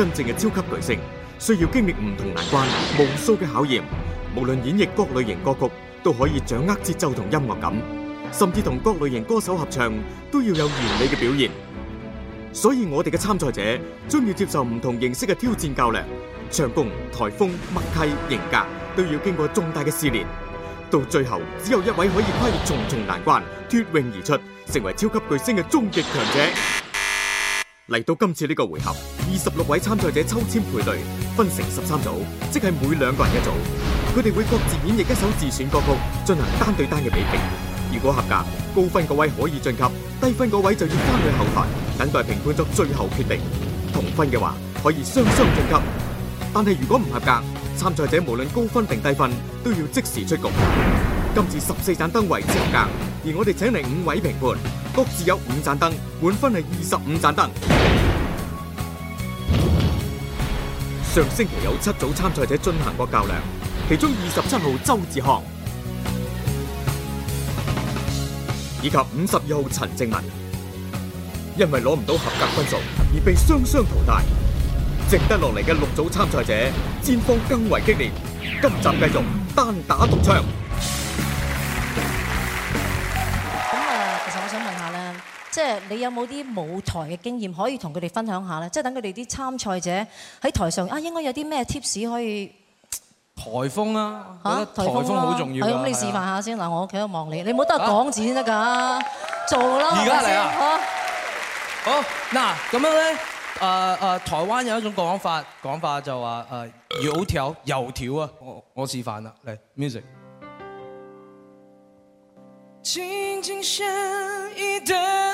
真正嘅超級巨星需要經歷唔同難關、無數嘅考驗。無論演繹各類型歌曲，都可以掌握節奏同音樂感，甚至同各類型歌手合唱都要有完美嘅表現。所以我哋嘅參賽者將要接受唔同形式嘅挑戰較量，唱功、台風、默契、型格都要經過重大嘅試煉。到最後，只有一位可以跨越重重難關，脫穎而出，成為超級巨星嘅終極強者。嚟到今次呢個回合，二十六位參賽者抽簽配對，分成十三組，即係每兩個人一組。佢哋會各自演繹一首自選歌曲，進行單對單嘅比拼。如果合格，高分嗰位可以晉級，低分嗰位就要返去後台等待評判作最後決定。同分嘅話，可以雙雙晉級。但係如果唔合格，參賽者無論高分定低分，都要即時出局。今次十四盞燈為之合格，而我哋請嚟五位評判，各自有五盞燈，滿分係二十五盞燈。上星期有七組參賽者進行過較量，其中二十七號周志航以及五十二號陳靜文，因為攞唔到合格分數而被雙雙淘汰。剩得落嚟嘅六組參賽者，戰況更為激烈。今集繼續單打獨唱。即係你有冇啲舞台嘅經驗可以同佢哋分享下咧？即係等佢哋啲參賽者喺台上啊，應該有啲咩 tips 可以？台風啦、啊啊啊，台風好重要㗎、啊啊啊嗯、咁你示範下先，嗱我企喺度望你，你冇得都講字先得㗎，做啦，而家嚟啊！好嗱，咁樣咧，誒、呃、誒、呃，台灣有一種講法，講法就話誒、呃、油條油條啊，我，我示範啦，嚟 music。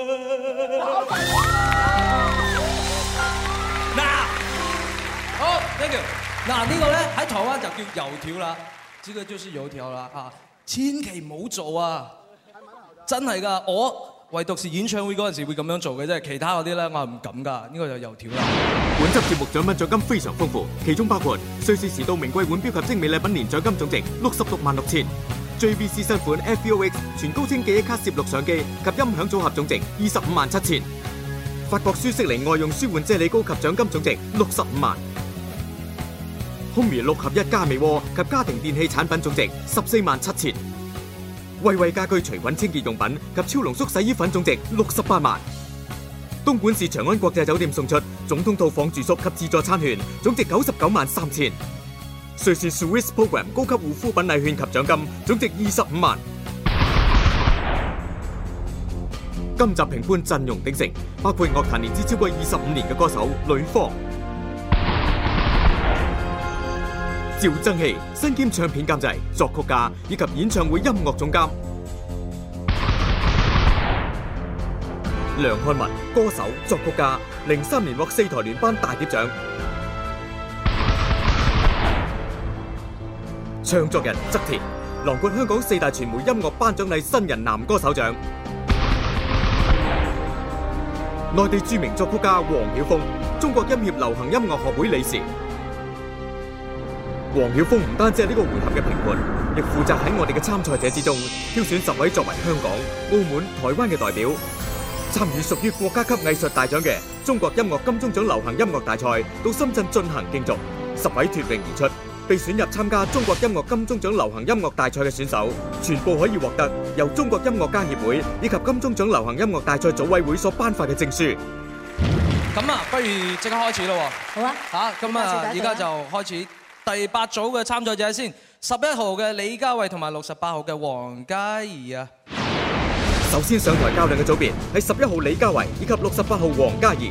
嗱，好，Thank you，嗱呢個咧喺台灣就叫油條啦，呢個就是油條啦啊，千祈唔好做啊，真係噶，我唯獨是演唱會嗰陣時候會咁樣做嘅，即係其他嗰啲咧，我係唔敢噶，呢個就油條啦。本集節目獎品獎金非常豐富，其中包括瑞士時到名貴腕表及精美禮品，年獎金總值六十六萬六千。JVC 新款 FVOX 全高清記憶卡攝錄相機及音響組合總值二十五萬七千。法國舒適靈外用舒緩啫喱膏及獎金總值六十五萬。Homey 六合一加味鍋及家庭電器產品總值十四萬七千。惠惠家居除菌清潔用品及超濃縮洗衣粉總值六十八萬。東莞市長安國際酒店送出總統套房住宿及自助餐券總值九十九萬三千。瑞士 Swiss Program 高級護膚品禮券及獎金，總值二十五萬。今集評判陣容鼎盛，包括樂壇年資超過二十五年嘅歌手呂方、趙增熹，身兼唱片監製、作曲家以及演唱會音樂總監梁漢文，歌手、作曲家，零三年獲四台聯頒大碟獎。唱作人側田囊括香港四大傳媒音樂頒獎禮新人男歌手獎，內地著名作曲家黃曉峰，中國音協流行音樂學會理事。黃曉峰唔單止係呢個回合嘅評判，亦負責喺我哋嘅參賽者之中挑選十位作為香港、澳門、台灣嘅代表，參與屬於國家級藝術大獎嘅中國音樂金鐘獎流行音樂大賽，到深圳進行競逐，十位脱穎而出。被選入參加中國音樂金鐘獎流行音樂大賽嘅選手，全部可以獲得由中國音樂家協會以及金鐘獎流行音樂大賽組委會所頒發嘅證書。咁啊，不如即刻開始咯。好啊，吓，咁啊，而家就開始第八組嘅參賽者先，十一號嘅李嘉慧同埋六十八號嘅黃嘉怡啊。首先上台較量嘅組別係十一號李嘉慧以及六十八號黃嘉怡。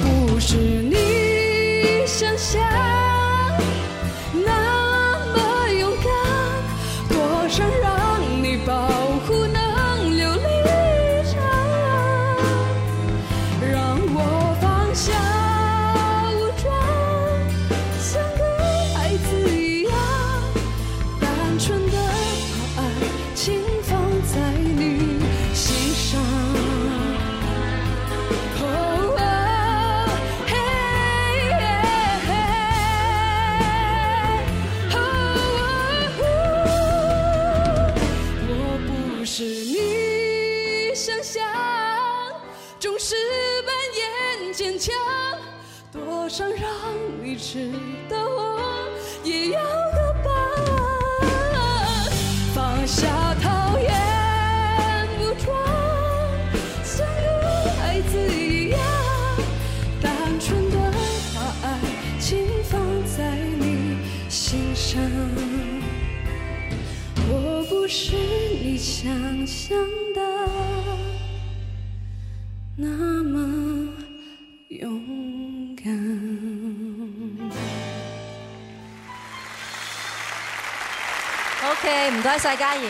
唔該曬嘉怡，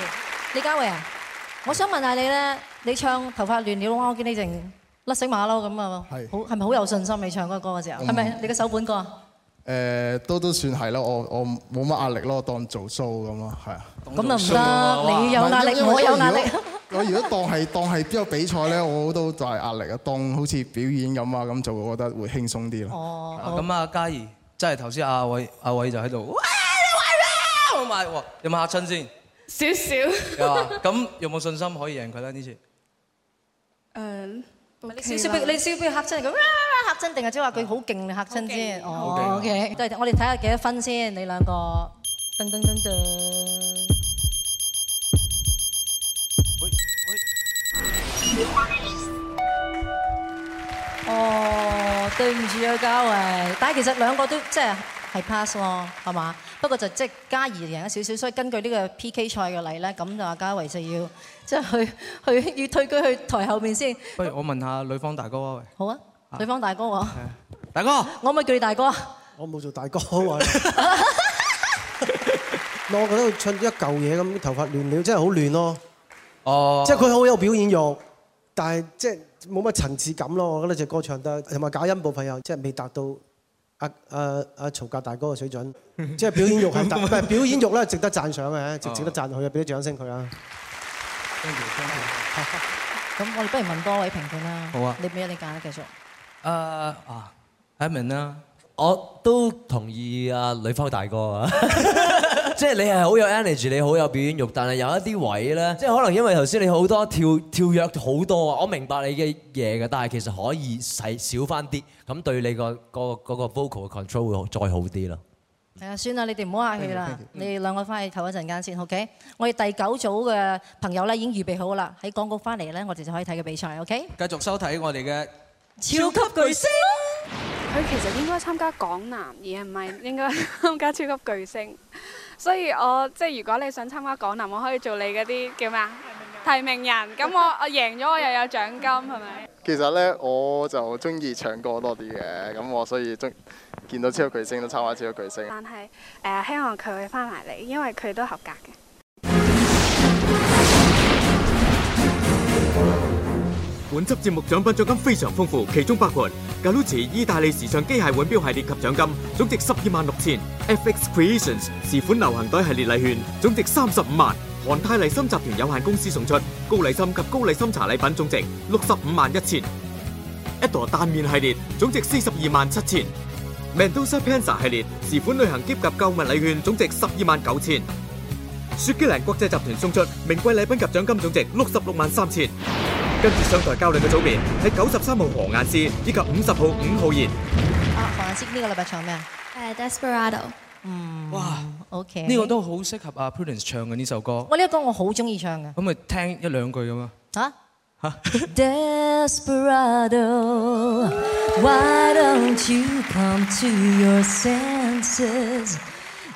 李嘉慧啊，我想問下你咧，你唱《頭髮亂了》哇，我見你成甩死馬騮咁啊，係，好係咪好有信心你唱嗰個歌嘅時候？係咪你嘅首本歌？誒，都都算係咯，我我冇乜壓力咯，當做 show 咁咯，係啊。咁就唔得，你要有壓力，我有壓力。我如果當係當係邊個比賽咧，我都就係壓力啊。當好似表演咁啊咁就會覺得會輕鬆啲咯。哦。咁啊，嘉怡，即係頭先阿偉阿偉就喺度。都埋，有冇嚇親先？少少。咁有冇信心可以贏佢咧呢次？誒，唔係你少少俾你少少俾嚇親佢，嚇親，定係即係話佢好勁嚇親先？OK。都係，我哋睇下幾多分先？你兩個噔噔噔噔。哦，對唔住啊，嘉慧，但係其實兩個都即係係 pass 咯，係嘛？不過就即係嘉怡贏咗少少，所以根據呢個 P.K. 賽嘅例咧，咁就阿嘉維就要即係去去要退居去台後面先。不如我問下呂方大哥啊？喂。好啊，呂方大哥我。大哥。我咪叫你大哥。我冇做大哥喎。我覺得佢唱一舊嘢咁，頭髮亂了，真係好亂咯。哦。即係佢好有表演欲，但係即係冇乜層次感咯。我覺得隻歌唱得同埋假音部分即係未達到。阿阿阿曹格大哥嘅水準，即係表演欲係，唔係表演慾啦，值得讚賞嘅，值得讚佢啊，俾啲掌聲佢啊！咁我哋不如問多位評判啦。好啊，你李美，你講啦，繼續。誒啊，阿、啊、n 啊，啊，啊，我都同意啊，呂方大哥啊。即係你係好有 energy，你好有表演慾，但係有一啲位咧，即係可能因為頭先你好多跳跳躍好多啊，我明白你嘅嘢嘅，但係其實可以使少翻啲，咁對你個個嗰個 vocal 嘅 control 會再好啲咯。係啊，算啦，你哋唔好客氣啦，你哋兩個翻去唞一陣間先，OK？我哋第九組嘅朋友咧已經預備好啦，喺廣告翻嚟咧，我哋就可以睇個比賽，OK？繼續收睇我哋嘅超級巨星，佢其實應該參加港男，而唔係應該參加超級巨星。所以我，我即係如果你想參加《港男》，我可以做你嗰啲叫咩啊？提名人咁，人我 我贏咗，我又有獎金，係 咪？其實呢，我就中意唱歌多啲嘅，咁我所以中見到超級巨星都參加超級巨星。但係誒、呃，希望佢會翻埋嚟，因為佢都合格嘅。本輯節目獎品獎金非常豐富，其中包括 Galucci 意大利時尚機械腕表系列及獎金總值十二萬六千，FX Creations 時款流行袋系列禮券總值三十五萬，韓泰麗參集團有限公司送出高麗參及高麗參茶禮品總值六十五萬一千，一朵蛋麵系列總值四十二萬七千，Mendoza Panza 系列時款旅行兼及購物禮券總值十二萬九千。雪肌蘭國際集團送出名貴禮品及獎金總值六十六萬三千。跟住上台較量嘅組別係九十三號何雁詩、以及五十號伍浩然。阿何雁詩呢個禮拜唱咩啊？誒，Desperado。嗯，哇，OK。呢個都好適合阿 Prudence 唱嘅呢首歌。我呢個歌我好中意唱嘅。咁咪聽一兩句咁啊？吓吓。Desperado, why don't you come to your senses？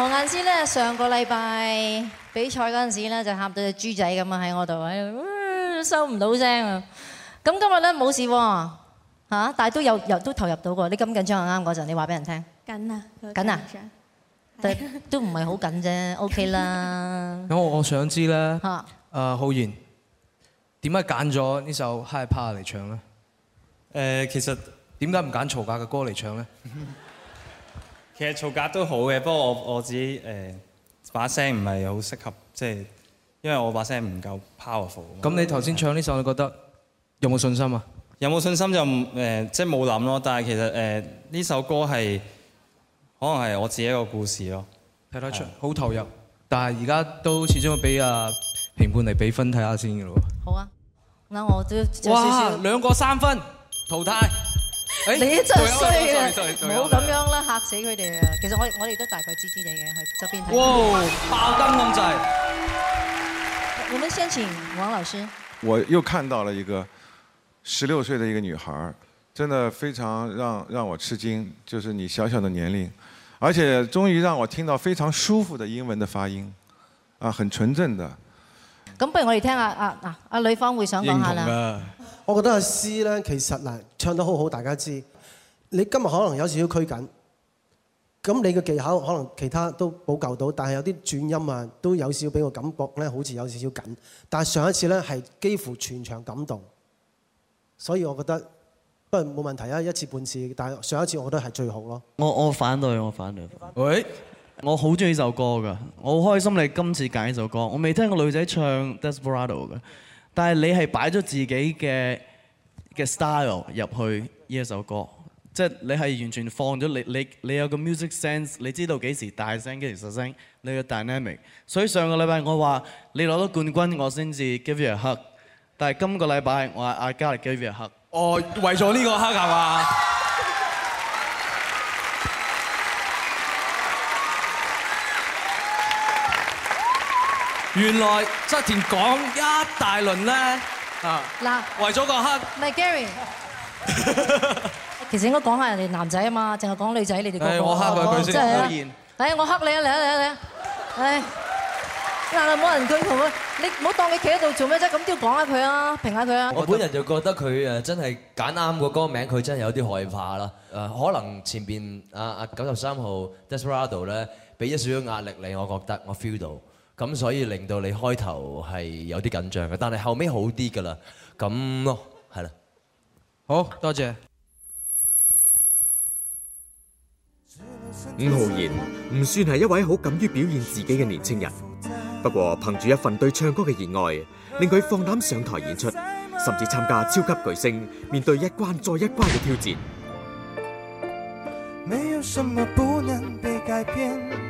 何雁詩咧上個禮拜比賽嗰陣時咧就喊到隻豬仔咁啊喺我度喺度收唔到聲啊！咁今日咧冇事嚇，但係都有有都投入到過。你咁緊張係啱嗰陣，你話俾人聽緊啊緊啊，但係都唔係好緊啫，OK 啦。咁我我想知咧，誒浩然點解揀咗呢首 hiphop 嚟唱咧？誒其實點解唔揀曹格嘅歌嚟唱咧？其實曹格都好嘅，不過我我自己誒把、呃、聲唔係好適合，即係因為我把聲唔夠 powerful。咁你頭先唱呢首，你覺得有冇信心啊？有冇信心就誒、呃、即係冇諗咯。但係其實誒呢、呃、首歌係可能係我自己一個故事咯，睇得出好投入。但係而家都始終要俾阿、啊、評判嚟俾分睇下先嘅咯。好啊，嗱我都要。哇，兩個三分淘汰。哎、你真衰啊！唔好咁樣啦，嚇死佢哋啊！其實我我哋都大概知知嘢嘅，喺側邊睇。哇！爆燈咁滯。我們先請王老師。我又看到了一個十六歲的一個女孩，真的非常讓讓我吃驚，就是你小小的年齡，而且終於讓我聽到非常舒服的英文的發音，啊，很純正的。咁不如我哋聽下，阿嗱阿呂方會想講下啦。我覺得阿詩咧，其實嗱唱得好好，大家知。你今日可能有少少拘謹，咁你嘅技巧可能其他都補救到，但係有啲轉音啊，都有少少俾我感覺咧，好似有少少緊。但係上一次咧係幾乎全場感動，所以我覺得不過冇問題啊，一次半次。但係上一次我覺得係最好咯。我我反對，我反對。喂，我好中意呢首歌㗎，我好開心你今次揀呢首歌。我未聽過女仔唱《Desperado》㗎。但係你係擺咗自己嘅嘅 style 入去呢一首歌，即係你係完全放咗你你你有個 music sense，你知道幾時大聲幾時實聲，你嘅 dynamic。所以上個禮拜我話你攞到冠軍我先至 give you a hug，但係今個禮拜我阿阿嘉力 give you a hug。哦，為咗呢個 hug 係嘛？原來側田講一大輪咧啊！嗱，為咗個黑唔係 Gary，其實應該講下人哋男仔啊嘛，淨係講女仔你哋覺得啊，真係啊！誒，我黑佢佢先，真係啊！誒，我黑你啊！嚟啊嚟啊嚟啊！誒，嗱，冇人跟佢啊！你唔好當你企喺度做咩啫！咁都要講下佢啊，評下佢啊！我本人就覺得佢誒真係揀啱個歌名，佢真係有啲害怕啦。誒，可能前邊啊啊九十三號 Desperado 咧，俾一少少壓力你，我覺得我 feel 到。咁所以令到你開頭係有啲緊張嘅，但係後尾好啲㗎喇，咁咯，係啦，好多謝。伍浩然唔算係一位好敢於表現自己嘅年輕人，不過憑住一份對唱歌嘅熱愛，令佢放膽上台演出，甚至參加《超級巨星》，面對一關再一關嘅挑戰。沒有什麼不能被改變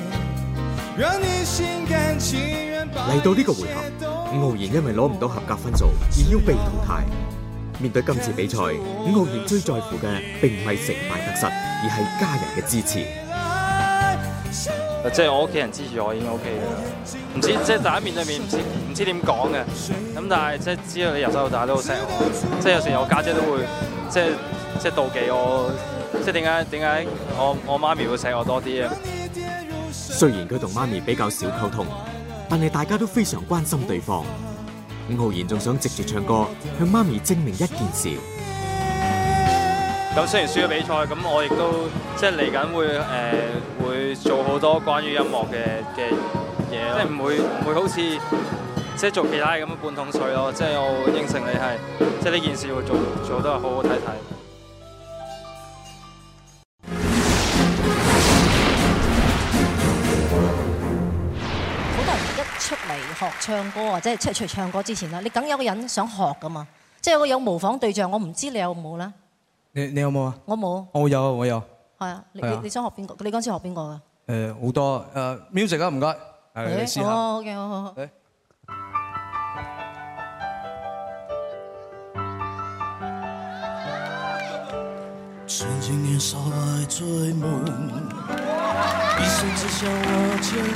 嚟到呢個回合，浩然因為攞唔到合格分數而要被淘汰。面對今次比賽，浩然最在乎嘅，並唔係成敗得失，而係家人嘅支持。即係我屋企人支持我，已經 OK 嘅。唔知即係大家面對面唔知唔知點講嘅。咁但係即係知道你由細到大都好錫我，即係有時我家姐都會即係即係妒忌我，即係點解點解我我媽咪會錫我多啲啊？雖然佢同媽咪比較少溝通，但係大家都非常關心對方。伍浩然仲想藉住唱歌向媽咪證明一件事。咁雖然輸咗比賽，咁我亦都即係嚟緊會誒、呃、會做好多關於音樂嘅嘅嘢，即係唔會唔會好似即係做其他咁樣的半桶水咯。即係我應承你係，即係呢件事我做做得好好睇睇。學唱歌或者係出嚟唱歌之前啦，你梗有個人想學㗎嘛？即係有個模仿對象，我唔知你有冇啦。你你有冇啊？我冇。我有我有。係啊。係你，你，你想學邊個？你剛先學邊個㗎？誒、呃、好多誒、uh, music 啊，唔、欸、該。誒、oh, okay, oh, okay. 欸、我 OK，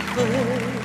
好好好。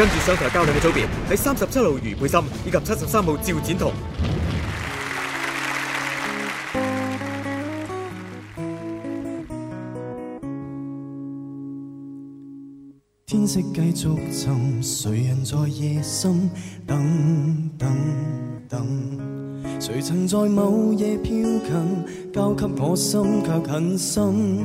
跟住上台交流嘅組別係三十七號余佩心以及七十三號趙展彤。天色繼續沉，誰人在夜深等等等？誰曾在某夜飄近，交給我心卻狠心。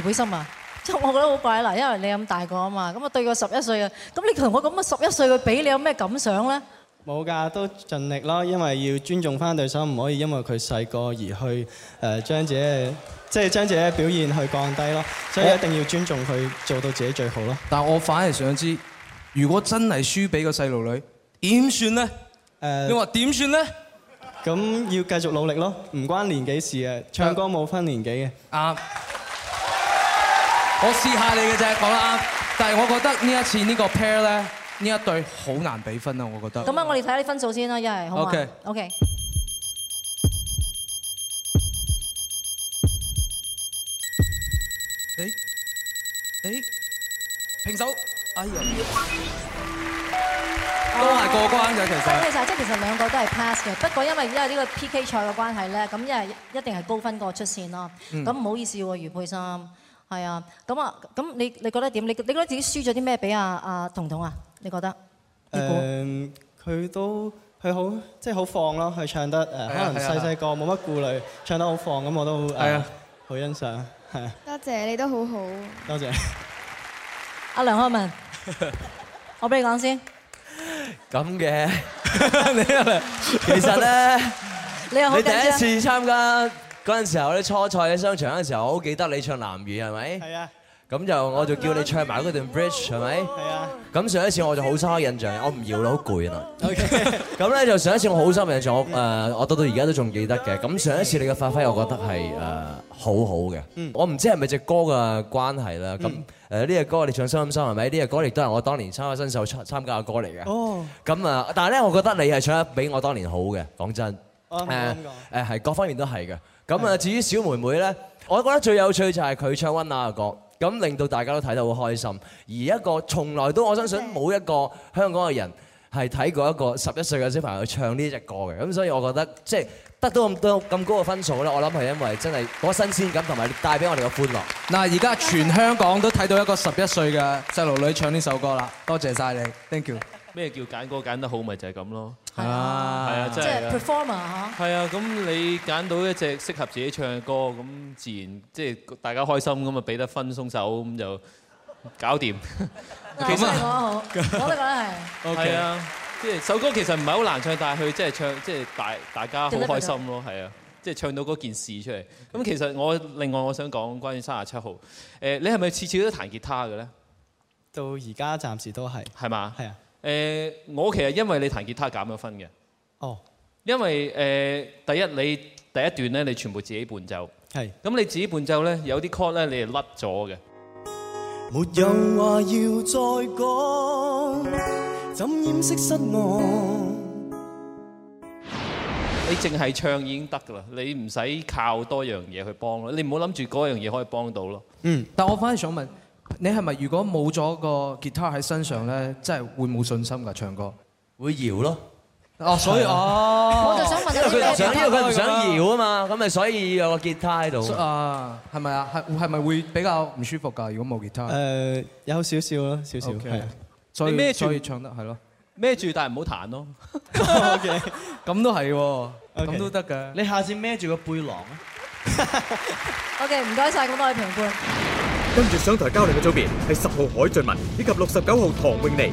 自卑心啊，即係我覺得好怪啦，因為你咁大個啊嘛，咁啊對個十一歲嘅，咁你同我咁嘅十一歲嘅比，你有咩感想咧？冇㗎，都盡力咯，因為要尊重翻對手，唔可以因為佢細個而去誒將自己即係將自己表現去降低咯，所以一定要尊重佢，做到自己最好咯。但我反而想知，如果真係輸俾個細路女，點算咧？誒，你話點算咧？咁要繼續努力咯，唔關年紀事嘅，唱歌冇分年紀嘅。啱。我試下你嘅啫，講啦。但係我覺得呢一次呢個 pair 咧，呢一對好難俾分啊，我覺得。咁啊，我哋睇下啲分數先啦，一係。O K O K。誒誒，平手。哎呀，都係過關嘅其實。即係其實兩個都係 pass 嘅，不過因為而家呢個 P K 賽嘅關係咧，咁一係一定係高分嗰個出線咯。咁唔好意思喎，余佩珊。係啊，咁啊，咁你你覺得點？你你覺得自己輸咗啲咩俾阿阿彤彤啊？你覺得？誒，佢都佢好即係好放咯，佢唱得誒，可能細細個冇乜顧慮，唱得好放咁，我都誒，好欣賞係。多謝你都好好。多謝。阿梁漢文，我俾你講先。咁嘅，你阿梁，其實咧，你第一次參加。嗰陣時候咧初賽喺商場嗰陣時候，我好記得你唱藍雨係咪？係啊。咁就我就叫你唱埋嗰段 bridge 係咪？係啊。咁上一次我就好深刻印象，我唔要啦，好攰啊。咁咧就上一次我好深印象，我誒我到到而家都仲記得嘅。咁上一次你嘅發揮，我覺得係誒好好嘅。嗯。我唔知係咪隻歌嘅關係啦。咁誒呢隻歌你唱收唔收係咪？呢隻歌亦都係我當年參加新秀參參加嘅歌嚟嘅。哦。咁啊，但係咧，我覺得你係唱得比我當年好嘅，講真。我冇諗過。誒係各方面都係嘅。咁啊，至於小妹妹呢，我覺得最有趣就係佢唱《温拿》嘅歌，咁令到大家都睇到好開心。而一個從來都我相信冇一個香港嘅人係睇過一個十一歲嘅小朋友唱呢隻歌嘅，咁所以我覺得即係得到咁多咁高嘅分數呢，我諗係因為真係好新鮮感同埋帶俾我哋嘅歡樂。嗱，而家全香港都睇到一個十一歲嘅細路女唱呢首歌啦，多謝晒你，Thank you。咩叫揀歌揀得好，咪就係咁咯。係啊，係啊，即係 performer 啊，咁你揀到一隻適合自己唱嘅歌，咁自然即係大家開心咁啊，俾得分鬆手咁就搞掂。幾犀利啊！好，我都覺得係。係啊，即係首歌其實唔係好難唱，但係佢即係唱即係大大家好開心咯。係啊，即係唱到嗰件事出嚟。咁其實我另外我想講關於三十七號。誒，你係咪次次都彈吉他嘅咧？到而家暫時都係。係嘛？係啊。呃、我其實因為你彈吉他減咗分嘅。哦，因為、呃、第一你第一段咧，你全部自己伴奏。係。咁你自己伴奏咧，有啲 chord 咧，你係甩咗嘅。沒有話要再講，怎掩飾失望？你淨係唱已經得㗎喇，你唔使靠多樣嘢去幫咯。你唔好諗住嗰樣嘢可以幫到咯。嗯。但我反而想問，你係咪如果冇咗個吉他喺身上咧，真係會冇信心噶唱歌？會搖咯，哦，所以哦，我就想問咧，因為佢唔想搖啊嘛，咁咪所以有個吉他喺度啊，係咪啊？係係咪會比較唔舒服噶？如果冇吉他？誒，有少少咯，少少所以咩？所以唱得係咯，孭住但係唔好彈咯。OK，咁都係喎，咁都得㗎。你下次孭住個背囊啊？OK，唔該晒，咁多位評判。跟住上台交流嘅組別係十號海俊文以及六十九號唐永妮。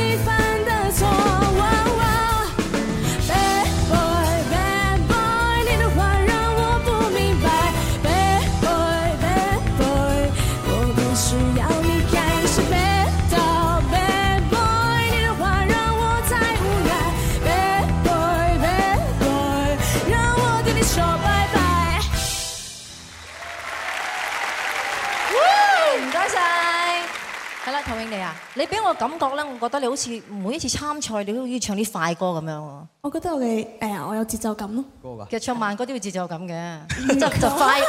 你俾我感覺咧，我覺得你好似每一次參賽，你都好似唱啲快歌咁樣。我覺得我哋誒，我有節奏感咯。其實唱慢歌都要節奏感嘅。就 就快，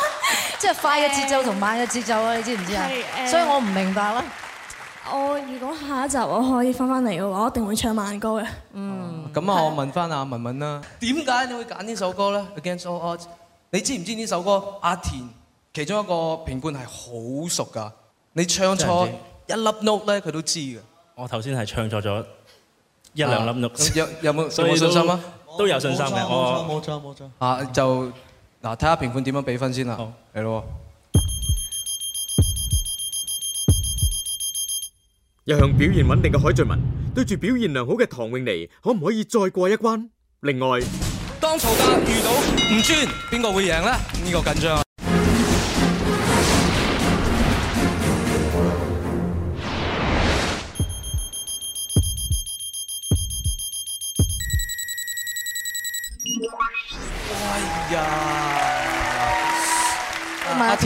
即 係快嘅節奏同慢嘅節奏啊！你知唔知啊？所以我唔明白啦。 我如果下一集我可以翻翻嚟嘅話，我一定會唱慢歌嘅。嗯，咁、嗯、啊，我問翻阿文文啦。點解你會揀呢首歌咧？Against All Odds。你知唔知呢首歌？阿田其中一個評判係好熟㗎。你唱錯。 一粒 note 咧，佢都知嘅。我頭先係唱錯咗一兩粒 note，有有冇冇信心啊？都有信心嘅我。冇錯冇錯。啊，就嗱，睇下評判點樣俾分先啦。係咯。一向表現穩定嘅海俊文，對住表現良好嘅唐詠妮，可唔可以再過一關？另外，當曹格遇到吳尊，邊個會贏咧？呢個緊張。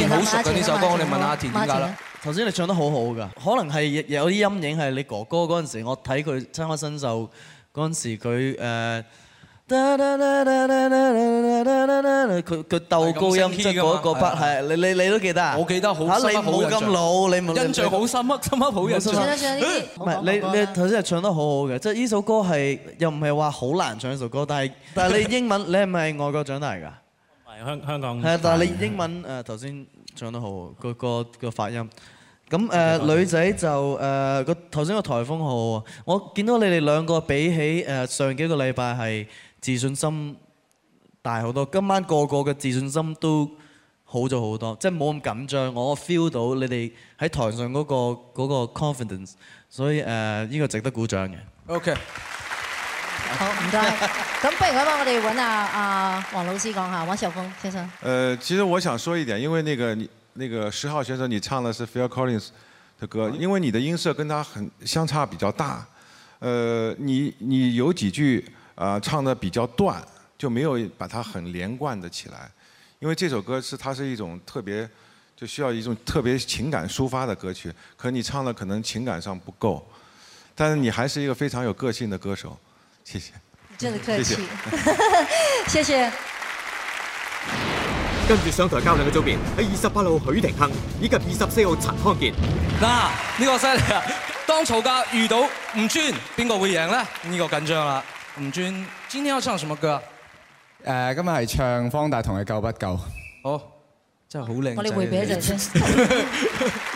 好熟嘅呢首歌，我哋問阿田點解啦？頭先你唱得好好噶，可能係有啲陰影係你哥哥嗰陣時，我睇佢參加新秀嗰陣時佢誒，佢佢鬥高音，即係嗰個筆係你你你都記得啊？我記得，好嚇你冇咁老，你唔印象好深刻，深刻好印象。唔係你你頭先係唱得好好嘅，即係呢首歌係又唔係話好難唱呢首歌，但係但係你英文，你係咪外國長大㗎？香香港係啊，但係你英文誒頭先唱得好，個個個發音咁，誒女仔就，誒個頭先個颱風好喎，我見到你哋兩個比起誒上幾個禮拜係自信心大好多，今晚個個嘅自信心都好咗好多，即係冇咁緊張，我 feel 到你哋喺台上嗰個嗰個 confidence，所以誒依個值得鼓掌嘅。Okay 好唔該，咁不如我幫我哋揾下阿黃老師講下，王小峰先生。呃，其實我想說一點，因為那個你那個十號選手，你唱的是 Phil Collins 的歌，因為你的音色跟他很相差比較大。呃，你你有幾句啊、呃、唱得比較斷，就沒有把它很連貫的起來。因為這首歌是它是一種特別就需要一種特別情感抒發的歌曲，可你唱的可能情感上不夠，但你還是一個非常有個性的歌手。 謝謝，真係客氣，謝謝。跟住上台交流嘅組別，喺二十八號許廷鏗，以及二十四號陳康健。嗱，呢個犀利啊！當吵架遇到吳尊，邊個會贏呢？呢個緊張啦！吳尊，今天要唱什麼歌？誒，今日係唱方大同嘅《夠不夠》？好，真係好靚。我哋回避一陣先。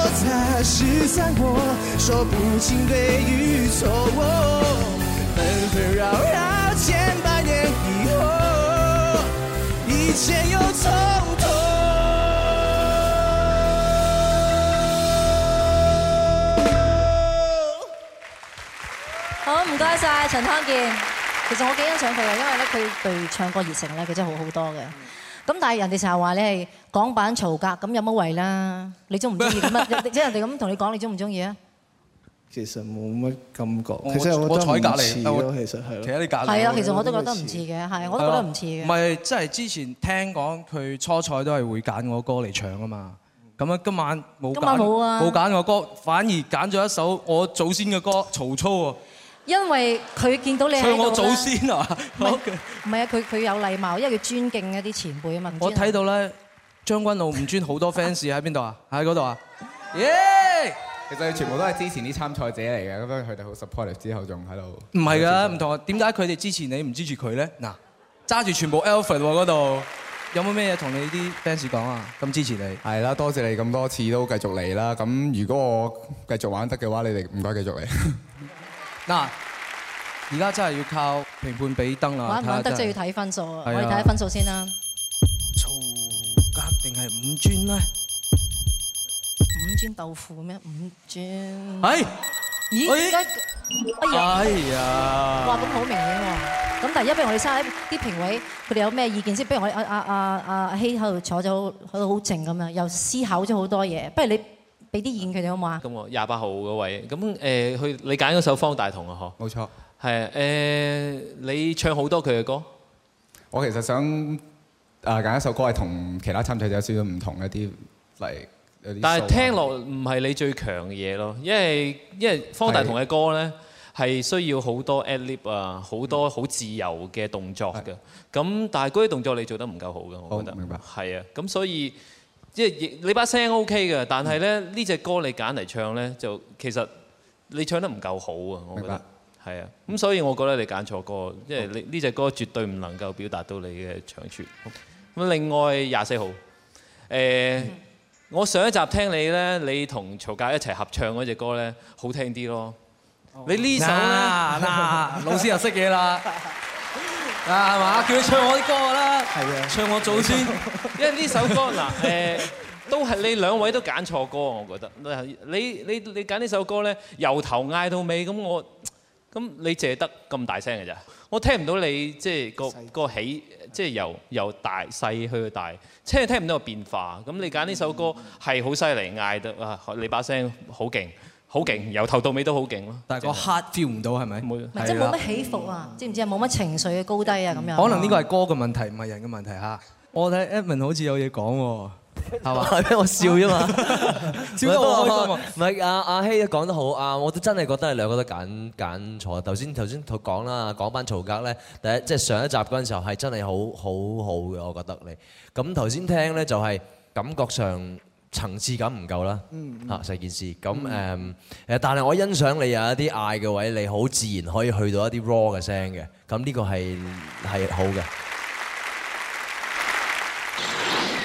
他是三國說不清對與錯，紛紛擾擾千百年以後，一切又從頭。好，唔該晒陳康健。其實我幾欣賞佢嘅，因為咧佢對唱歌熱誠咧，佢真係好好多嘅。嗯咁但係人哋成日話你係港版曹格，咁有乜位啦？你中唔中意咁啊？即係人哋咁同你講，你中唔中意啊？其實冇乜感覺，其實我我彩格嚟嘅，其實係其他啲格係啊，其實我都覺得唔似嘅，係我都覺得唔似嘅。唔係，即係之前聽講佢初賽都係會揀我歌嚟唱啊嘛。咁啊，今晚冇今晚冇啊，冇揀我歌，反而揀咗一首我祖先嘅歌《曹操》啊。因為佢見到你係我祖先啊！唔係啊，佢佢有禮貌，因為佢尊敬一啲前輩啊嘛。我睇到咧，將軍澳唔專好多 fans 喺邊度啊？喺嗰度啊？耶、yeah. 其實全部都係之前啲參賽者嚟嘅，咁樣佢哋好 support 之後仲喺度。唔係㗎，唔同啊！點解佢哋支持你唔支持佢咧？嗱，揸住全部 elford 嗰度，有冇咩嘢同你啲 fans 講啊？咁支持你係啦，多謝，謝你咁多次都繼續嚟啦。咁如果我繼續玩得嘅話，你哋唔該繼續嚟。 嗱、啊，而家真係要靠評判俾燈啦。玩唔玩得即係要睇分數啊！我哋睇下分數先啦。曹格定係五尊咧？五尊豆腐咩？五尊？係、哎。咦哎哎呀？哎呀！哇，咁好明顯喎。咁但係，不如我哋先睇啲評委佢哋有咩意見先。不如我阿阿阿阿希喺度坐咗，坐到好靜咁樣，又思考咗好多嘢。不如你，俾啲意見佢哋好唔好？咁喎，廿八號嗰位，咁、呃、誒，佢你揀嗰首方大同啊嗬，冇錯，係誒、呃，你唱好多佢嘅歌。我其實想誒揀一首歌，係同其他參賽者有少少唔同的一啲，例如。但係聽落唔係你最強嘅嘢咯，因為因為方大同嘅歌咧係需要好多 ad lib 啊，好多好自由嘅動作嘅。咁、嗯、但係嗰啲動作你做得唔夠好嘅，我覺得。明白。係啊，咁所以。即係你把聲 OK 嘅，但係咧呢隻歌你揀嚟唱咧就其實你唱得唔夠好啊，我覺得係啊，咁所以我覺得你揀錯歌，即係你呢隻歌絕對唔能夠表達到你嘅長處。咁另外廿四號，誒，我上一集聽你咧，你同曹格一齊合唱嗰隻歌咧，好聽啲咯。你呢首啦。嗱，老師又識嘢啦。啊，係嘛？叫佢唱我啲歌啦，唱我祖先，因為呢首歌嗱誒， 都係你兩位都揀錯歌，我覺得。你你你揀呢首歌咧，由頭嗌到尾咁，我咁你淨係得咁大聲嘅咋？我聽唔到你即係、就是、個個起，即、就、係、是、由由大細去到大，即係聽唔到個變化。咁你揀呢首歌係好犀利，嗌得啊，你把聲好勁。好勁，由頭到尾都好勁咯。但係個 heart feel 唔到係咪？唔，即係冇乜起伏啊？知唔知啊？冇乜情緒嘅高低啊咁樣。可能呢個係歌嘅問題，唔係人嘅問題吓、啊， 我睇 Edmond 好似有嘢講喎，係嘛？聽我笑啫嘛，笑得我唔係阿阿希講得好啊，啊好，我都真係覺得你兩個都揀揀錯。頭先頭先講啦，講翻曹格咧，第一即係、就是、上一集嗰陣時候係真係好好好嘅，我覺得你。咁頭先聽咧就係感覺上。層次感唔夠啦，啊，成件事咁誒誒，但係我欣賞你有一啲嗌嘅位，你好自然可以去到一啲 raw 嘅聲嘅，咁呢個係係好嘅。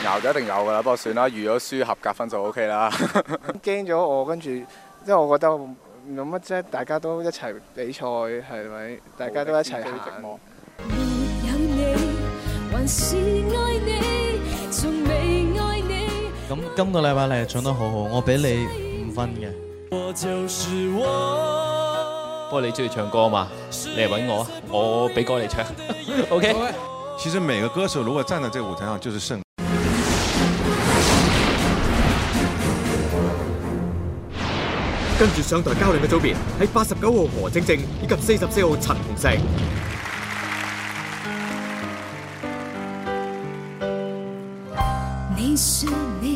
鬧就一定有㗎啦，不過算啦，如果輸，合格分就 OK 啦。驚咗我，跟住，即係我覺得冇乜啫，大家都一齊比賽係咪？大家都一齊行。咁今個禮拜你係唱得好好，我俾你五分嘅。我我，就是不過你中意唱歌嘛？你嚟搵我，我俾歌你唱。 OK okay。其實每個歌手如果站在這個舞台上，就是勝。跟住上台交流嘅組別係八十九號何晶晶以及四十四號陳鴻石。你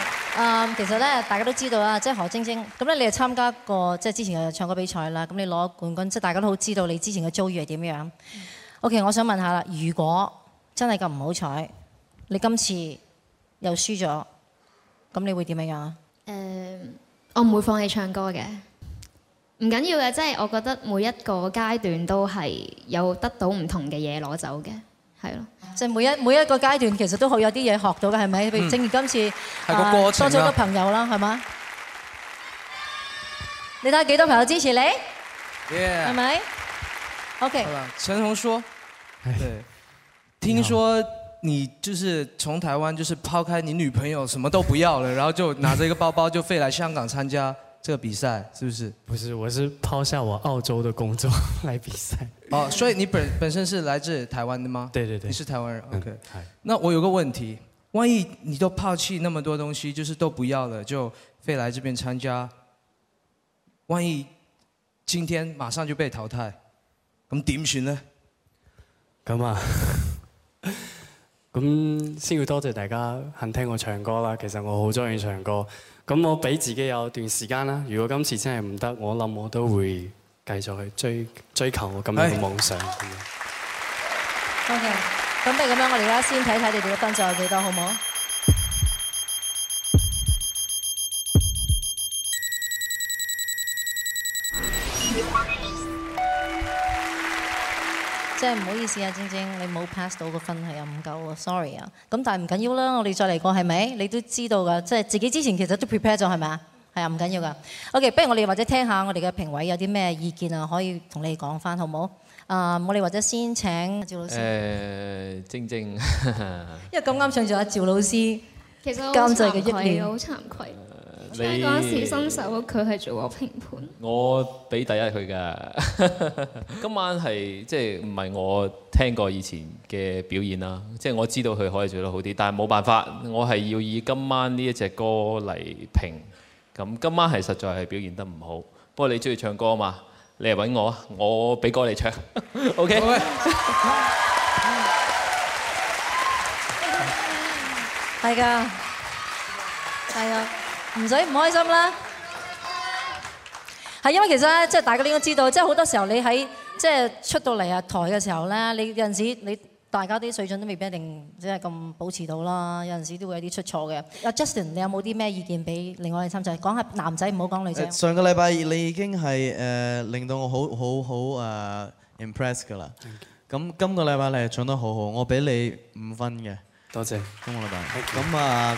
其實咧，大家都知道啦，即係何晶晶咁咧，你又參加過即係之前嘅唱歌比賽啦，咁你攞冠軍，即係大家都好知道你之前嘅遭遇係點樣。OK，我想問下啦，如果真係咁唔好彩，你今次又輸咗，咁你會點樣樣啊？誒，我唔會放棄唱歌嘅，唔緊要嘅，即係我覺得每一個階段都係有得到唔同嘅嘢攞走嘅。係咯，即係每一每一個階段其實都好有啲嘢學到嘅係咪？正如今次係個過程，多咗好多朋友啦，係嘛？Yeah、你睇下幾多朋友支持你？係、yeah、咪？OK。陳紅說：對，聽說你就是從台灣，就是拋開你女朋友，什麼都不要了，然後就拿着一個包包就飛來香港參加。這個比賽是不是？不是，我是拋下我澳洲的工作來比賽。哦，所以你本本身是來自台灣的嗎？ 對對對，你是台灣人。OK，嗯，那我有個問題，萬一你都拋棄那麼多東西，就是都不要了，就飛來這邊參加，萬一今天馬上就被淘汰，咁點算呢？咁啊，咁 先要多謝，謝大家肯聽我唱歌啦。其實我好中意唱歌。咁我俾自己有一段時間啦。如果今次真係唔得，我諗我都會繼續去追追求我咁樣嘅夢想。OK，咁誒咁樣，我哋而家先睇睇你哋嘅分數係幾多，好唔好？即係唔好意思啊，晶晶，你冇 pass 到個分係啊，唔夠啊 sorry 啊。咁但係唔緊要啦，我哋再嚟過係咪？你都知道㗎，即係自己之前其實都 prepare 咗係咪啊？係啊，唔緊要㗎。OK，不如我哋或者聽下我哋嘅評委有啲咩意見啊，可以同你講翻好唔好？啊、uh，我哋或者先請趙老師。誒、欸，晶晶。 因為咁啱唱咗阿趙老師，監製嘅一年，好慚好慚愧。你嗰時新手，佢係做過評判。我俾第一佢噶。今晚係即係唔係我聽過以前嘅表演啦，即係我知道佢可以做得好啲，但係冇辦法，我係要以今晚呢一隻歌嚟評。咁今晚係實在係表現得唔好。不過你中意唱歌啊嘛，你嚟揾我啊，我俾歌你唱。O K。係㗎，係啊。唔使唔開心啦，係因為其實咧，即係大家應該知道，即係好多時候你喺即係出到嚟啊台嘅時候咧，你有陣時你大家啲水準都未必一定即係咁保持到啦，有陣時都會有啲出錯嘅。阿 Justin，你有冇啲咩意見俾另外嘅參賽者講下？男仔唔好講女仔。上個禮拜你已經係誒令到我好好好誒 impress 噶啦，咁今個禮拜你係唱得好好，我俾你五分嘅。多謝中學老大。咁啊。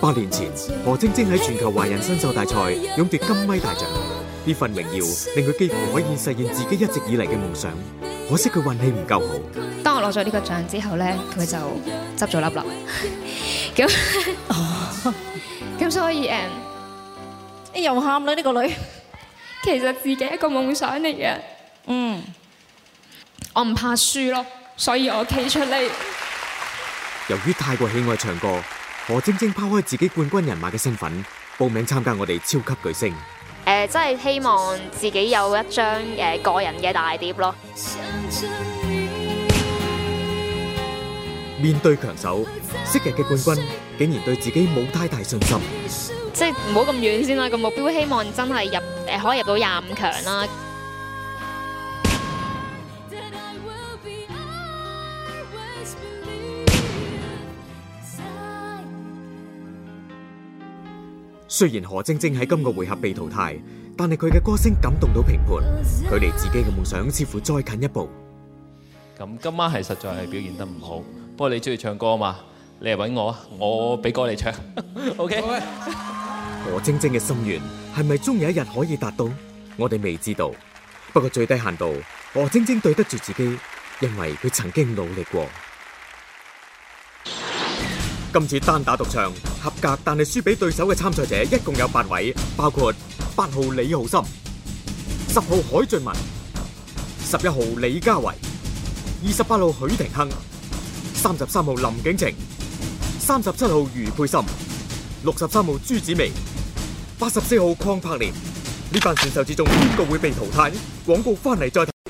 八年前，何晶晶喺全球華人新秀大賽勇奪金咪大獎，呢份榮耀令佢幾乎可以實現自己一直以嚟嘅夢想。可惜佢運氣唔夠好。當我攞咗呢個獎之後咧，佢就執咗笠啦。咁咁所以誒，又喊啦呢個女。其實自己一個夢想嚟嘅。嗯，我唔怕輸咯，所以我企出嚟。由於太過喜愛唱歌。我正正拋開自己冠軍人馬嘅身份，報名參加我哋超級巨星。誒，真係希望自己有一張誒個人嘅大碟咯。面對強手，昔日嘅冠軍竟然對自己冇太大信心。即係唔好咁遠先啦，個目標希望真係入誒可以入到廿五強啦。雖然何晶晶喺今個回合被淘汰，但係佢嘅歌聲感動到評判，距離自己嘅夢想似乎再近一步。咁今晚係實在係表現得唔好，不過你中意唱歌啊嘛，你嚟搵我，我俾歌你唱。OK。何晶晶嘅心願係咪終有一日可以達到？我哋未知道，不過最低限度，何晶晶對得住自己，因為佢曾經努力過。今次單打獨場合格，但係輸俾對手嘅參賽者一共有八位，包括八號李浩森、十號海俊文、十一號李家維、二十八號許廷鏗、三十三號林景晴、三十七號余佩心、六十三號朱子薇、八十四號鄺柏蓮。呢班選手之中，邊個會被淘汰？廣告翻嚟再睇。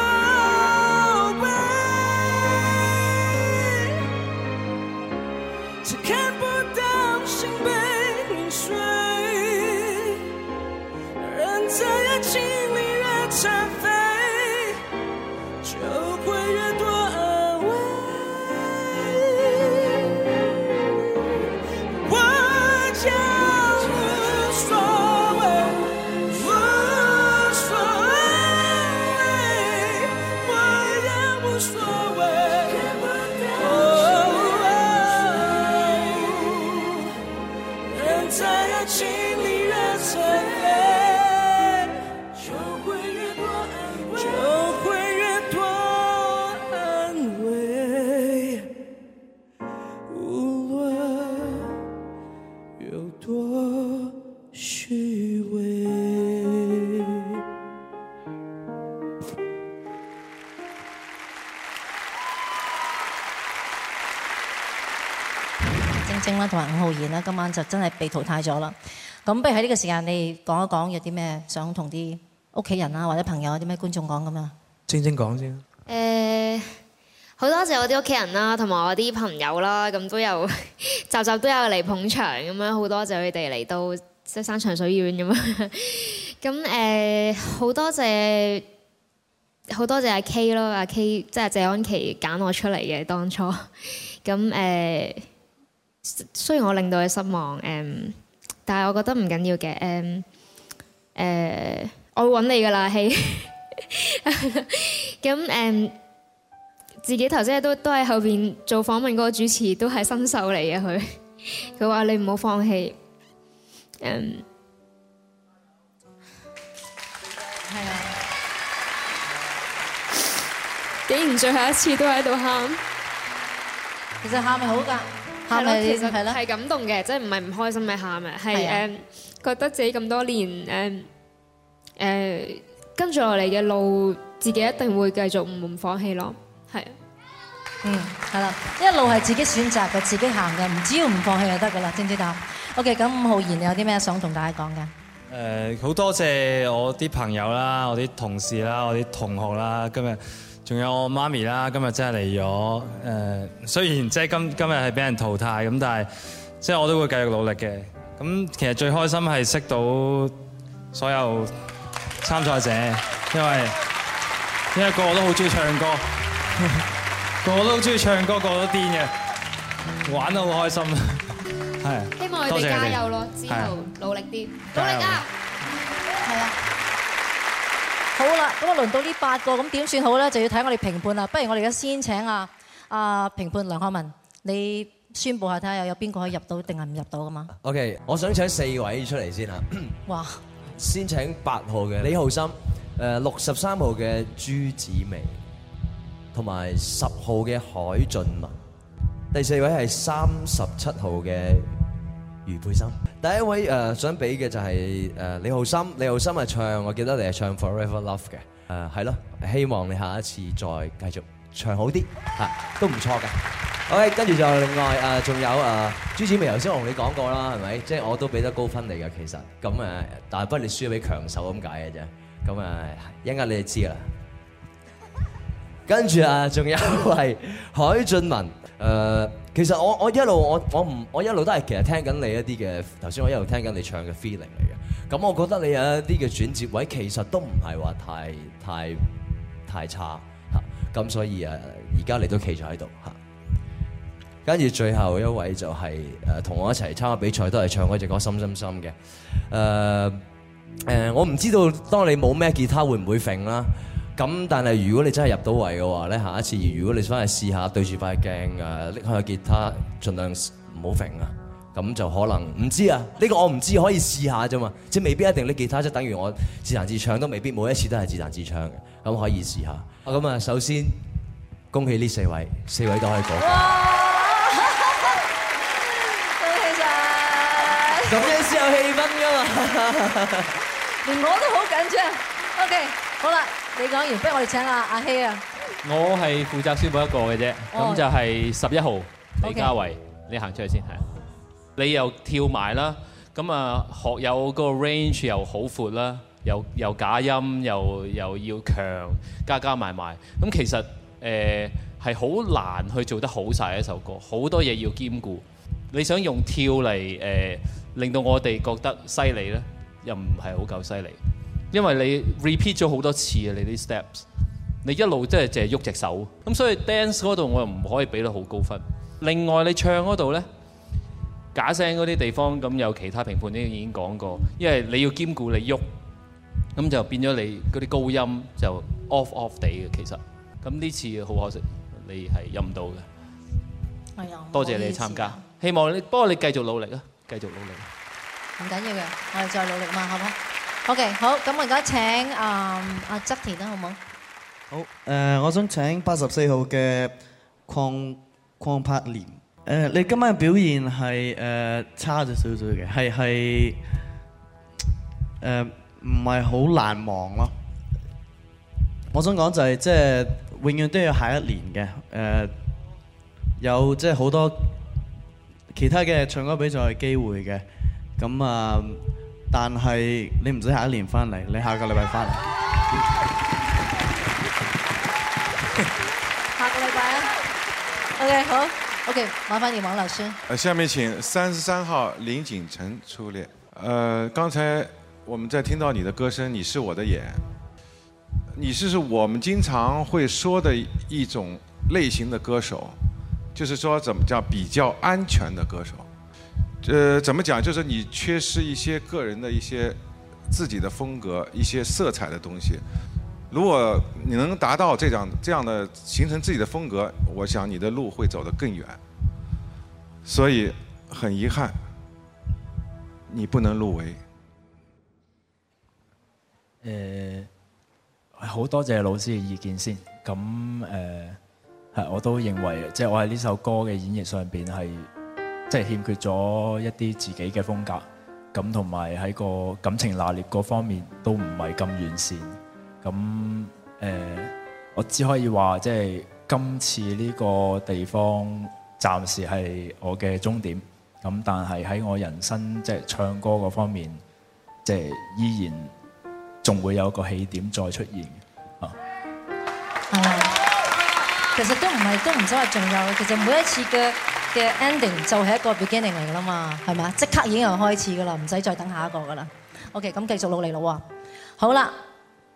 伍浩然啦，今晚就真係被淘汰咗啦。咁不如喺呢個時間，你講一講有啲咩想同啲屋企人啊，或者朋友，啲咩觀眾講咁啊？正正講先。誒，好多謝我啲屋企人啦，同埋我啲朋友啦，咁都有集集都有嚟捧場咁樣，好多謝佢哋嚟到即係山長水遠咁樣。咁、呃、誒，好多謝好多謝阿 K 咯，阿 K 即係謝安琪揀我出嚟嘅當初。咁誒。雖然我令到你失望，誒，但係我覺得唔緊要嘅，誒，誒，我會揾你噶啦，希。咁誒，自己頭先都都喺後邊做訪問嗰個主持都係新手嚟嘅佢，佢話你唔好放棄，誒。係啊，竟然最後一次都喺度喊，其實喊咪好㗎。係咯，其實係感動嘅，即係唔係唔開心咪喊啊，係誒，覺得自己咁多年誒誒、呃、跟住落嚟嘅路，自己一定會繼續唔放棄咯，係，嗯，係啦，一路係自己選擇嘅，自己行嘅，唔只要唔放棄就得噶啦，知唔知道？OK，咁伍浩然你有啲咩想同大家講嘅？誒、呃，好多謝我啲朋友啦，我啲同事啦，我啲同學啦，今日。仲有我媽咪啦，今日真係嚟咗誒，雖然即係今今日係俾人淘汰咁，但係即係我都會繼續努力嘅。咁其實最開心係識到所有參賽者，因為因為個個都好中意唱歌，個個都中意唱歌，個個都癲嘅，玩得好開心，係。多謝你。希望佢哋加油咯，知道努力啲，努力㗎，係啊。好啦，咁啊輪到呢八個，咁點算好咧？就要睇我哋評判啦。不如我哋而家先請啊啊評判梁漢文，你宣布下睇下又有邊個可以入到，定係唔入到噶嘛？OK，我想請四位出嚟先吓。哇！先請八號嘅李浩森，誒六十三號嘅朱子薇，同埋十號嘅海俊文。第四位係三十七號嘅。余貝森，第一位誒、呃、想俾嘅就係誒李浩森，李浩森係唱，我記得你係唱 Forever Love 嘅，誒係咯，希望你下一次再繼續唱好啲嚇、 啊，都唔錯嘅。OK，跟住就另外誒仲、呃、有誒、呃、 朱子明，頭先我同你講過啦，係咪？即係我都俾得高分你嘅其實，咁誒，但係不你輸俾強手咁解嘅啫，咁誒一陣你哋就知啦。跟住啊，仲、 啊、有位海俊文。誒、呃，其實我我一路我我唔我一路都係其實聽緊你一啲嘅，頭先我一路聽緊你唱嘅 feeling 嚟嘅。咁我覺得你有一啲嘅轉接位，其實都唔係話太太太差嚇。咁、啊、所以誒、啊，而家你都企咗喺度嚇。跟、啊、住最後一位就係、是、誒，同、呃、我一齊參加比賽都係唱嗰隻歌《心心心》嘅、啊。誒、呃、誒，我唔知道當你冇咩吉他會唔會揈啦。咁但係如果你真係入到圍嘅話咧，下一次如果你返去試下對住塊鏡誒，拎開個吉他，盡量唔好揈啊，咁就可能唔知啊。呢、呢個我唔知，可以試下啫嘛，即係未必一定拎吉他，即等於我自彈自唱都未必，每一次都係自彈自唱嘅，咁可以試下。咁啊，首先恭喜呢四位，四位都可以講。恭喜晒。咁先有氣氛噶嘛，連我都好緊張。O K，好啦，你講完，不如我哋請阿阿希啊。我係負責宣佈一個嘅啫，咁、oh，就係十一號李嘉維，okay，你行出去先係。你又跳埋啦，咁啊學有個 range 又好闊啦，又又假音又又要強，加加埋埋。咁其實誒係好難去做得好晒一首歌，好多嘢要兼顧。你想用跳嚟誒、呃、令到我哋覺得犀利咧，又唔係好夠犀利。因為你 repeat 咗好多次啊，你啲 steps，你一路都係淨係喐隻手，咁所以 dance 嗰度我又唔可以俾得好高分。另外你唱嗰度咧，假聲嗰啲地方咁有其他評判已經講過，因為你要兼顧你喐，咁就變咗你嗰啲高音就 off off 地嘅其實。咁呢次好可惜，你係入唔到嘅。係啊，多謝你參加。希望你，不過你繼續努力啊，繼續努力。唔緊要嘅，我哋再努力嘛，好唔好？OK，好，咁我而家請、uh, 啊啊側田啦，好唔好？好，誒，我想請八十四號嘅鄺狂柏連。誒，你今晚嘅表現係誒、uh, 差咗少少嘅，係係誒唔係好難忘咯。我想講就係即係永遠都要下一年嘅，誒有即係好多其他嘅唱歌比賽嘅機會嘅，咁啊。Uh 但係你唔使下一年翻嚟，你下個禮拜翻嚟。下個禮拜，okay，好，OK 麻煩你王老師。呃，下面請三十三號林錦晨出列。呃，剛才我們在聽到你的歌聲，《你是我的眼》，你是，是我們經常會說的一種類型的歌手，就是說怎麼叫比較安全的歌手。呃，怎麼講？就是你缺失一些個人的一些自己的風格、一些色彩的東西。如果你能達到這樣這樣的形成自己的風格，我想你的路會走得更遠。所以很遺憾，你不能入圍。呃，好多謝老師嘅意見先。咁、呃、我都認為，即係我喺呢首歌嘅演繹上邊係。即係欠缺咗一啲自己嘅風格，咁同埋喺個感情拿捏嗰方面都唔係咁完善。咁誒、呃，我只可以話，即係今次呢個地方暫時係我嘅終點。咁但係喺我人生即係唱歌嗰方面，即係依然仲會有個起點再出現啊、嗯，其實都唔係，都唔想話仲有。其實每一次嘅。嘅 ending 就係一個 beginning 嚟噶啦嘛，係咪？即刻已經又開始噶啦，唔使再等下一個噶啦。OK，咁繼續努力咯喎。好啦，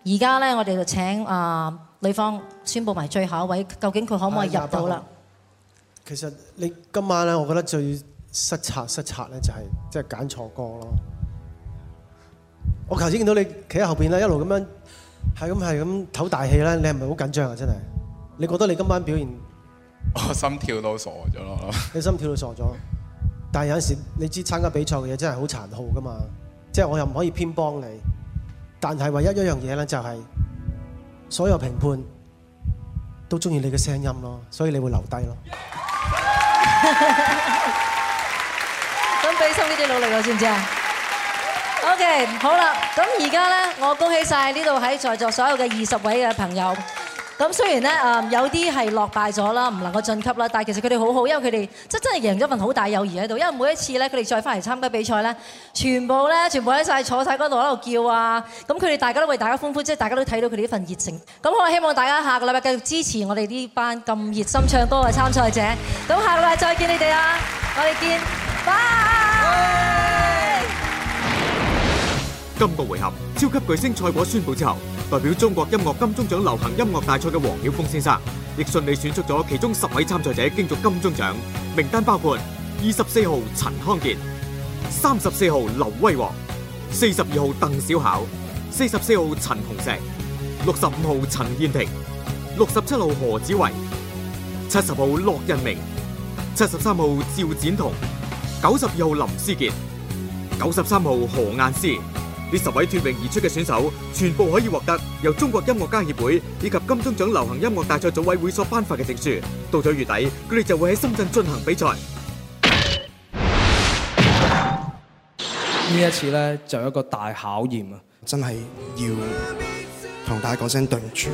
而家咧我哋就請啊、呃、呂方宣布埋最後一位，究竟佢可唔可以入到啦？其實你今晚咧，我覺得最失策失策咧、就是，就係即係揀錯歌咯。我頭先見到你企喺後邊咧，一路咁樣係咁係咁唞大氣咧，你係咪好緊張啊？真係，你覺得你今晚表現？嗯我心跳都傻咗咯！你心跳都傻咗， 但係有陣時你知參加比賽嘅嘢真係好殘酷噶嘛？即係我又唔可以偏幫你，但係唯一一樣嘢咧就係所有評判都中意你嘅聲音咯，所以你會留低咯。咁、yeah. 俾 心呢啲努力咯，知唔知啊？OK，好啦，咁而家咧，我恭喜晒呢度喺在座所有嘅二十位嘅朋友。咁雖然咧，誒有啲係落敗咗啦，唔能夠晉級啦，但係其實佢哋好好，因為佢哋即真係贏咗份好大友誼喺度。因為每一次咧，佢哋再翻嚟參加比賽咧，全部咧，全部喺曬坐曬嗰度喺度叫啊！咁佢哋大家都為大家歡呼，即係大家都睇到佢哋呢份熱情。咁我希望大家下個禮拜繼續支持我哋呢班咁熱心唱歌嘅參賽者。咁下個禮拜再見你哋啊！我哋見，拜。今個回合超級巨星賽果宣佈之後。代表中國音樂金鐘獎流行音樂大賽嘅黃曉峰先生，亦順利選出咗其中十位參賽者，競逐金鐘獎名單，包括二十四號陳康健、三十四號劉威煌、四十二號鄧小巧、四十四號陳紅石、六十五號陳燕婷、六十七號何子維、七十號駱仁明、七十三號趙展彤、九十二號林思杰、九十三號何雁詩。呢十位脫穎而出嘅選手，全部可以獲得由中國音樂家協會以及金鐘獎流行音樂大賽組委會所頒發嘅證書。到咗月底，佢哋就會喺深圳進行比賽。呢一次呢，就有一個大考驗啊！真係要同大家講聲對唔住。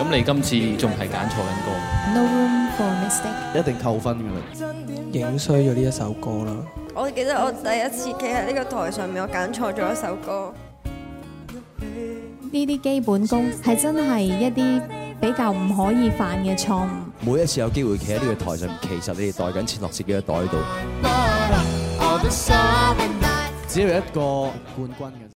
咁你今次仲係揀錯緊歌。No. 一定扣分噶啦，影衰咗呢一首歌啦。我記得我第一次企喺呢個台上面，我揀錯咗一首歌。呢啲基本功係真係一啲比較唔可以犯嘅錯誤。每一次有機會企喺呢個台上，其實你哋袋緊錢落自己嘅袋度。只要一個冠軍嘅。